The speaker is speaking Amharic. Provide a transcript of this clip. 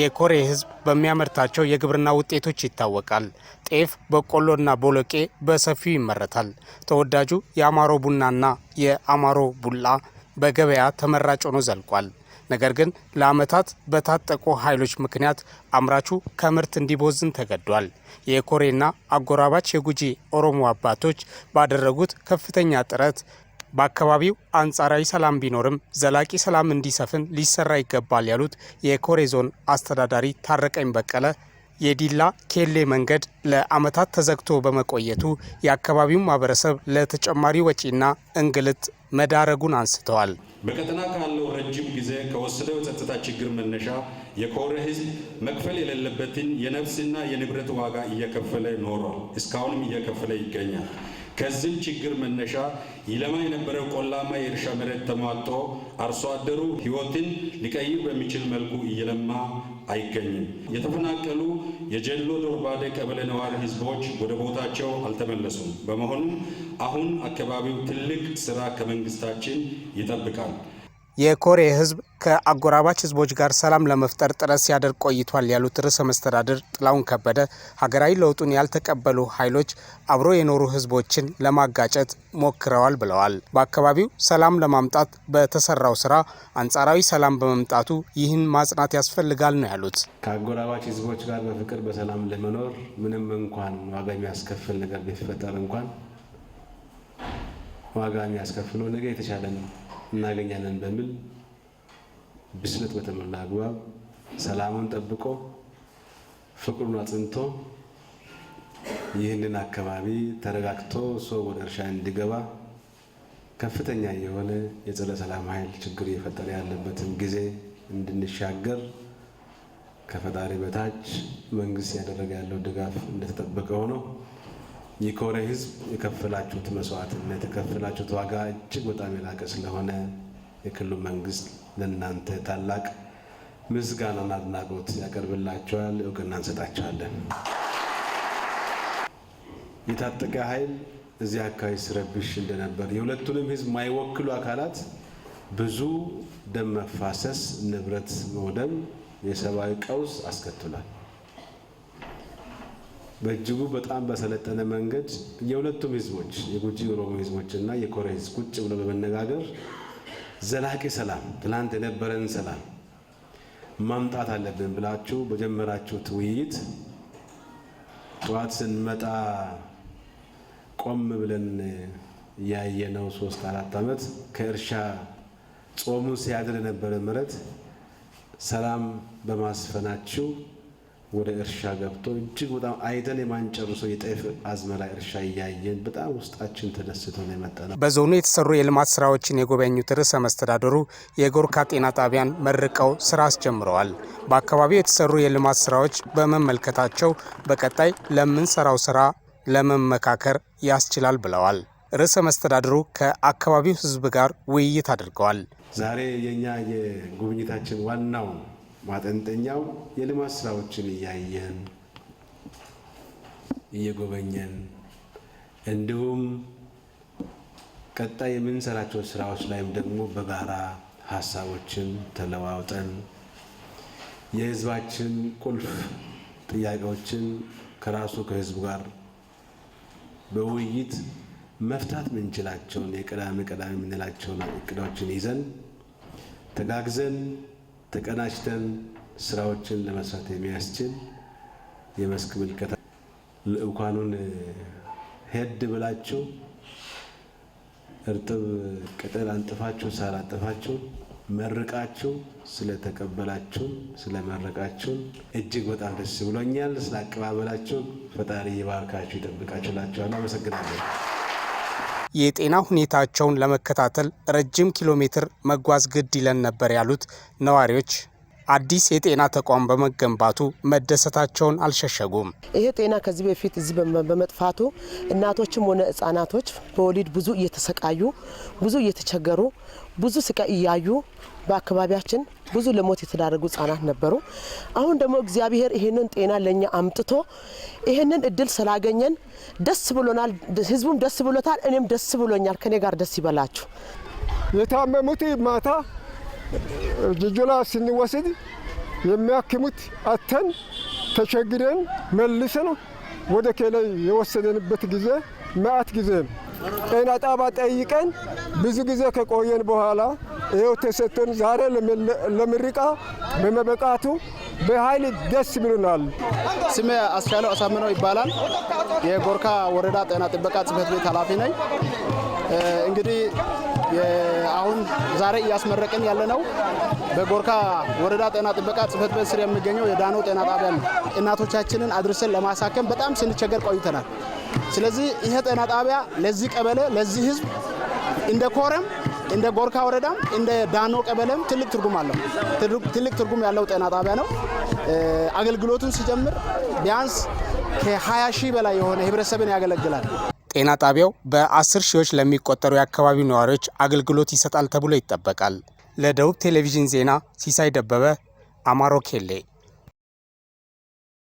የኮሬ ህዝብ በሚያመርታቸው የግብርና ውጤቶች ይታወቃል። ጤፍ፣ በቆሎና ቦሎቄ በሰፊው ይመረታል። ተወዳጁ የአማሮ ቡናና የአማሮ ቡላ በገበያ ተመራጭ ሆኖ ዘልቋል። ነገር ግን ለዓመታት በታጠቁ ኃይሎች ምክንያት አምራቹ ከምርት እንዲቦዝን ተገዷል። የኮሬና አጎራባች የጉጂ ኦሮሞ አባቶች ባደረጉት ከፍተኛ ጥረት በአካባቢው አንጻራዊ ሰላም ቢኖርም ዘላቂ ሰላም እንዲሰፍን ሊሰራ ይገባል ያሉት የኮሬ ዞን አስተዳዳሪ ታረቀኝ በቀለ የዲላ ኬሌ መንገድ ለዓመታት ተዘግቶ በመቆየቱ የአካባቢው ማህበረሰብ ለተጨማሪ ወጪና እንግልት መዳረጉን አንስተዋል። በቀጠና ካለው ረጅም ጊዜ ከወሰደው የጸጥታ ችግር መነሻ የኮሬ ሕዝብ መክፈል የሌለበትን የነፍስና የንብረት ዋጋ እየከፈለ ኖሯል። እስካሁንም እየከፈለ ይገኛል። ከዚህ ችግር መነሻ ይለማ የነበረው ቆላማ የእርሻ መሬት ተሟጦ አርሶ አደሩ ሕይወትን ሊቀይር በሚችል መልኩ እየለማ አይገኝም። የተፈናቀሉ የጀሎ ዶርባዴ ቀበሌ ነዋሪ ህዝቦች ወደ ቦታቸው አልተመለሱም። በመሆኑም አሁን አካባቢው ትልቅ ስራ ከመንግስታችን ይጠብቃል። የኮሬ ህዝብ ከአጎራባች ህዝቦች ጋር ሰላም ለመፍጠር ጥረት ሲያደርግ ቆይቷል ያሉት ርዕሰ መስተዳድር ጥላሁን ከበደ ሀገራዊ ለውጡን ያልተቀበሉ ኃይሎች አብሮ የኖሩ ህዝቦችን ለማጋጨት ሞክረዋል ብለዋል። በአካባቢው ሰላም ለማምጣት በተሰራው ስራ አንጻራዊ ሰላም በመምጣቱ ይህን ማጽናት ያስፈልጋል ነው ያሉት። ከአጎራባች ህዝቦች ጋር በፍቅር በሰላም ለመኖር ምንም እንኳን ዋጋ የሚያስከፍል ነገር ቢፈጠር እንኳን ዋጋ የሚያስከፍለው ነገ የተሻለ ነው እናገኛለን በሚል ብስለት በተሞላ አግባብ ሰላሙን ጠብቆ ፍቅሩን አጽንቶ ይህንን አካባቢ ተረጋግቶ ሰው ወደ እርሻ እንዲገባ ከፍተኛ የሆነ የጸረ ሰላም ኃይል ችግር እየፈጠረ ያለበትን ጊዜ እንድንሻገር ከፈጣሪ በታች መንግስት ያደረገ ያለው ድጋፍ እንደተጠበቀ ሆኖ የኮሬ ህዝብ የከፈላችሁት መስዋዕትነት የከፈላችሁት ዋጋ እጅግ በጣም የላቀ ስለሆነ የክልሉ መንግስት ለእናንተ ታላቅ ምስጋናና አድናቆት ያቀርብላቸዋል፣ እውቅና እንሰጣቸዋለን። የታጠቀ ኃይል እዚህ አካባቢ ስረብሽ እንደነበር የሁለቱንም ህዝብ የማይወክሉ አካላት ብዙ ደም መፋሰስ፣ ንብረት መውደም፣ የሰብአዊ ቀውስ አስከትሏል። በእጅጉ በጣም በሰለጠነ መንገድ የሁለቱም ህዝቦች የጉጂ ኦሮሞ ህዝቦችና የኮሬ ህዝብ ቁጭ ብሎ በመነጋገር ዘላቂ ሰላም፣ ትላንት የነበረን ሰላም ማምጣት አለብን ብላችሁ በጀመራችሁት ውይይት ጠዋት ስንመጣ ቆም ብለን ያየነው ሶስት አራት ዓመት ከእርሻ ጾሙን ሲያድር የነበረ መሬት ሰላም በማስፈናችሁ ወደ እርሻ ገብቶ እጅግ በጣም አይተን የማንጨርሰው የጤፍ አዝመራ እርሻ እያየን በጣም ውስጣችን ተደስቶ ነው የመጣ ነው። በዞኑ የተሰሩ የልማት ስራዎችን የጎበኙት ርዕሰ መስተዳደሩ የጎርካ ጤና ጣቢያን መርቀው ስራ አስጀምረዋል። በአካባቢው የተሰሩ የልማት ስራዎች በመመልከታቸው በቀጣይ ለምንሰራው ስራ ለመመካከር ያስችላል ብለዋል። ርዕሰ መስተዳድሩ ከአካባቢው ህዝብ ጋር ውይይት አድርገዋል። ዛሬ የኛ የጉብኝታችን ዋናው ማጠንጠኛው የልማት ስራዎችን እያየን እየጎበኘን እንዲሁም ቀጣይ የምንሰራቸው ስራዎች ላይም ደግሞ በጋራ ሀሳቦችን ተለዋውጠን የህዝባችን ቁልፍ ጥያቄዎችን ከራሱ ከህዝቡ ጋር በውይይት መፍታት ምንችላቸውን የቀዳሚ ቀዳሚ የምንላቸውን እቅዶችን ይዘን ተጋግዘን ተቀናጅተን ስራዎችን ለመስራት የሚያስችል የመስክ ምልከታ ልዑካኑን ሄድ ብላችሁ እርጥብ ቅጠል አንጥፋችሁ ሳር አንጥፋችሁ መርቃችሁ ስለተቀበላችሁ ስለመረቃችሁን እጅግ በጣም ደስ ብሎኛል። ስለ አቀባበላችሁ ፈጣሪ ይባርካችሁ ይጠብቃችሁላችኋል። አመሰግናለሁ። የጤና ሁኔታቸውን ለመከታተል ረጅም ኪሎ ሜትር መጓዝ ግድ ይለን ነበር ያሉት ነዋሪዎች አዲስ የጤና ተቋም በመገንባቱ መደሰታቸውን አልሸሸጉም። ይሄ ጤና ከዚህ በፊት እዚህ በመጥፋቱ እናቶችም ሆነ ህጻናቶች በወሊድ ብዙ እየተሰቃዩ ብዙ እየተቸገሩ ብዙ ስቃይ እያዩ በአካባቢያችን ብዙ ለሞት የተዳረጉ ህጻናት ነበሩ። አሁን ደግሞ እግዚአብሔር ይህንን ጤና ለእኛ አምጥቶ ይህንን እድል ስላገኘን ደስ ብሎናል። ህዝቡም ደስ ብሎታል። እኔም ደስ ብሎኛል። ከኔ ጋር ደስ ይበላችሁ። የታመሙት ማታ ጅጆላ ስንወስድ የሚያክሙት አተን ተቸግረን መልሰን ወደ ኬላይ የወሰደንበት ጊዜ መዓት ጊዜ ነው። ጤና ጣባ ጠይቀን ብዙ ጊዜ ከቆየን በኋላ ይኸው ተሰጥቶን ዛሬ ለምርቃ በመበቃቱ በኃይል ደስ ብሎናል። ስሜ አስቻለው አሳምነው ይባላል። የጎርካ ወረዳ ጤና ጥበቃ ጽህፈት ቤት ኃላፊ ነኝ። እንግዲህ አሁን ዛሬ እያስመረቅን ያለነው በጎርካ ወረዳ ጤና ጥበቃ ጽህፈት ቤት ስር የሚገኘው የዳኖ ጤና ጣቢያ ነው። እናቶቻችንን አድርሰን ለማሳከም በጣም ስንቸገር ቆይተናል። ስለዚህ ይሄ ጤና ጣቢያ ለዚህ ቀበሌ ለዚህ ህዝብ እንደ ኮረም እንደ ጎርካ ወረዳም እንደ ዳኖ ቀበለም ትልቅ ትርጉም አለው። ትልቅ ትርጉም ያለው ጤና ጣቢያ ነው። አገልግሎቱን ሲጀምር ቢያንስ ከ20 ሺህ በላይ የሆነ ህብረተሰብን ያገለግላል። ጤና ጣቢያው በአስር ሺዎች ለሚቆጠሩ የአካባቢው ነዋሪዎች አገልግሎት ይሰጣል ተብሎ ይጠበቃል። ለደቡብ ቴሌቪዥን ዜና ሲሳይ ደበበ አማሮ ኬሌ